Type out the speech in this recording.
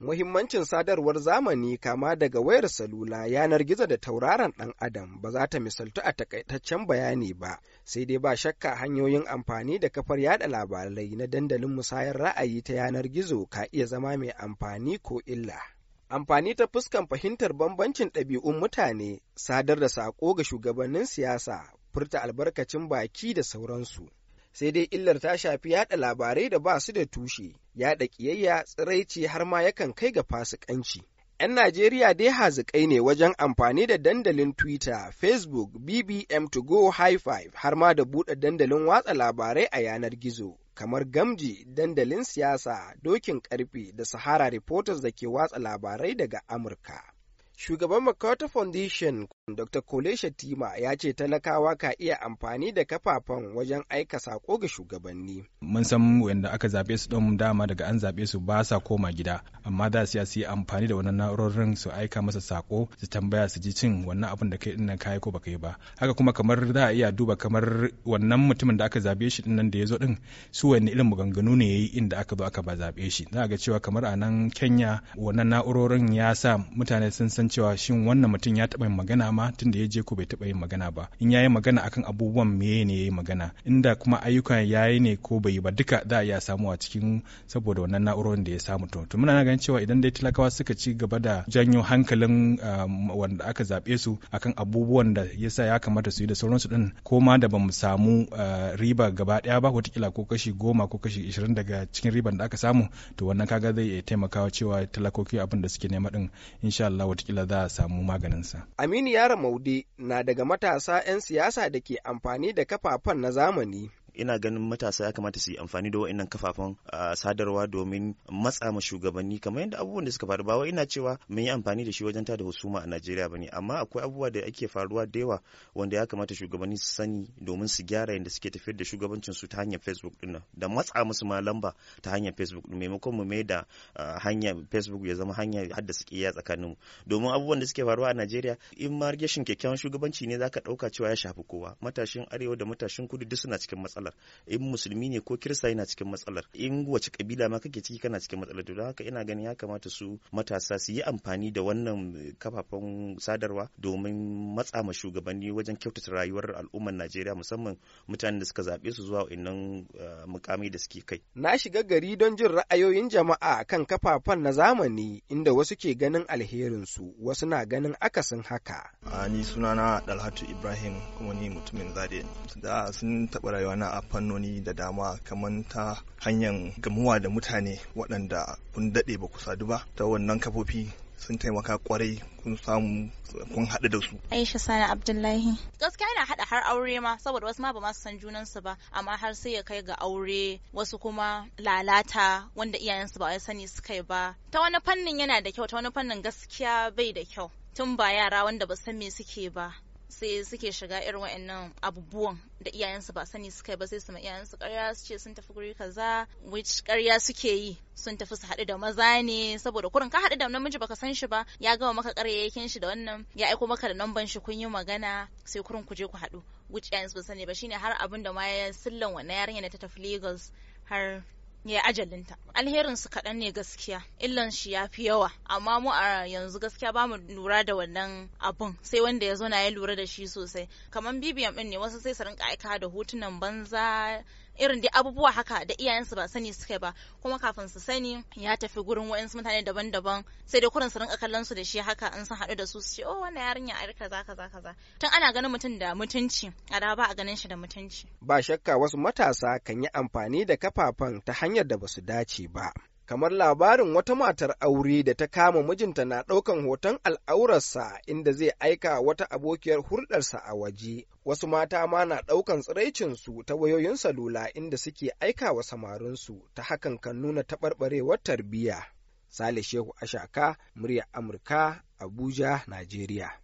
Muhimmancin sadarwar zamani kama daga wayar salula yanar gizo da tauraron ɗan adam ba za ta misaltu a takaitaccen bayani ba, sai dai ba shakka hanyoyin amfani da kafar yada labarai na dandalin musayar ra'ayi ta yanar gizo ka iya zama mai amfani ko illa. Amfani ta fuskan fahimtar bambancin ɗabi'un mutane, sadar da saƙo ga shugabannin siyasa, furta albarkacin baki da sauransu. sai dai illar ta shafi yada labarai da ba su da tushe yada ƙiyayya tsiraici har ma yakan kai ga fasikanci 'yan Najeriya dai hazikai ne wajen amfani da dandalin Twitter, Facebook, BBM to go high five har ma da buɗe dandalin watsa labarai a yanar gizo. Kamar Gamji, dandalin siyasa, dokin ƙarfi da Sahara Reporters da ke watsa labarai daga Amurka. Shugaban Makota Foundation Dr. Kole Shatima ya ce talakawa ka iya amfani da kafafen wajen aika sako ga shugabanni. Mun san wanda aka zaɓe su ɗin dama daga an zaɓe su ba sa koma gida, amma da su yi amfani da wannan na'urorin su aika masa sako su tambaya su ji cin wannan abin da kai ɗin nan kayi ko baka yi ba. Haka kuma kamar za a iya duba kamar wannan mutumin da aka zaɓe shi ɗin nan da ya zo ɗin su wani irin maganganu ne ya yi inda aka zo aka ba zaɓe shi. Za a ga cewa kamar a nan Kenya wannan na'urorin ya sa mutane sun san cewa shin wannan mutum ya taɓa magana dama tun da ya je ko bai taɓa yin magana ba in yayi magana akan abubuwan meye ne yayi magana inda kuma ayyukan yayi ne ko bai yi ba duka za a iya samu a cikin saboda wannan na'urorin da ya samu to to muna ganin cewa idan dai talakawa suka ci gaba da janyo hankalin um, wanda aka zaɓe su akan abubuwan da yasa ya kamata su yi da su din ko ma da mu samu uh, riba gaba ɗaya ba watakila ko kashi goma ko kashi ishirin daga cikin riban da aka samu to wannan kaga zai iya taimakawa cewa talakoki abin da suke nema din insha Allah watakila za a samu maganinsa. Aminu ya Yara Maude na daga matasa 'yan siyasa da ke amfani da kafafen na zamani. ina ganin matasa ya kamata su yi amfani da wa'annan kafafen sadarwa domin matsa ma shugabanni kamar yadda abubuwan da suka faru ba wai ina cewa mun yi amfani da shi wajen tada husuma a Najeriya bane amma akwai abubuwa da ake faruwa da yawa wanda ya kamata shugabanni su sani domin su gyara yadda suke tafiyar da shugabancin su ta hanyar Facebook din da matsa musu ma lamba ta hanyar Facebook maimakon mu mai da hanyar Facebook ya zama hanyar suke kiyaya tsakanin mu domin abubuwan da suke faruwa a Najeriya in ma rashin kyakkyawan shugabanci ne zaka dauka cewa ya shafi kowa matashin arewa da matashin kudu duk suna cikin matsala matsalar in musulmi ne ko kirista yana cikin matsalar in wace kabila ma kake ciki kana cikin matsalar to don haka ina ganin ya kamata su matasa su yi amfani da wannan kafafen sadarwa domin matsa ma shugabanni wajen kyautata rayuwar al'ummar Najeriya musamman mutanen da suka zaɓe su zuwa innan eh, mukamai da suke kai. Na shiga gari don jin ra'ayoyin jama'a kan kafafen na zamani inda wasu ke ganin alherin su wasu na ganin akasin haka. ni sunana Dalhatu Ibrahim kuma ni mutumin Zade. Da sun taɓa rayuwa na a fannoni da dama kamar ta hanyar gamuwa da mutane waɗanda kun daɗe ba ku sadu ba ta wannan kafofi sun taimaka kwarai kun samu kun haɗu da su. Aisha Sani Abdullahi. Gaskiya yana haɗa har aure ma saboda wasu ma ba ma su san junansu ba amma har sai ya kai ga aure wasu kuma lalata wanda iyayensu ba wai sani suka yi ba. Ta wani fannin yana da kyau ta wani fannin gaskiya bai da kyau. Tun ba yara wanda ba san me suke ba. sai suke shiga irin wa'annan abubuwan da iyayensu ba sani suka yi ba sai su ma iyayensu karya su ce sun tafi guri kaza which karya suke yi sun tafi su haɗu da maza ne saboda kurin ka haɗu da namiji baka san shi ba ya gama maka karyayyakin shi da wannan ya aiko maka da namban shi kun yi magana sai kurin ku je ku haɗu which iyayensu ba sani ba shine har abin da ma ya sillan wannan yarinya da ta tafi Lagos har ya ajalinta alherin su kaɗan ne gaskiya illan shi ya fi yawa amma mu a yanzu gaskiya ba mu lura da wannan abun sai wanda ya zo na ya lura da shi sosai kamar bibiyan ɗin ne wasu sai su rinka aika da hotunan banza irin dai abubuwa haka da iyayensu ba sani suka ba kuma kafin su sani ya tafi gurin wa'insu mutane daban-daban sai dai kurin su rinka kallon su da shi haka in sun haɗu da su su ce oh wannan yarinya a kaza kaza kaza tun ana ganin mutum da mutunci a da ba a ganin shi da mutunci ba shakka wasu matasa kan yi amfani da kafafen ta hanyar da basu dace ba kamar labarin wata matar aure da ta kama mijinta na ɗaukan hoton al'aurarsa inda zai aika wata abokiyar hurɗarsa a waje. Wasu mata ma na ɗaukan tsiraicinsu ta wayoyin salula inda suke aika wa samarinsu ta hakan kan nuna taɓarɓarewar tarbiyya. Sale Shehu Ashaka, murya Amurka, Abuja, Najeriya.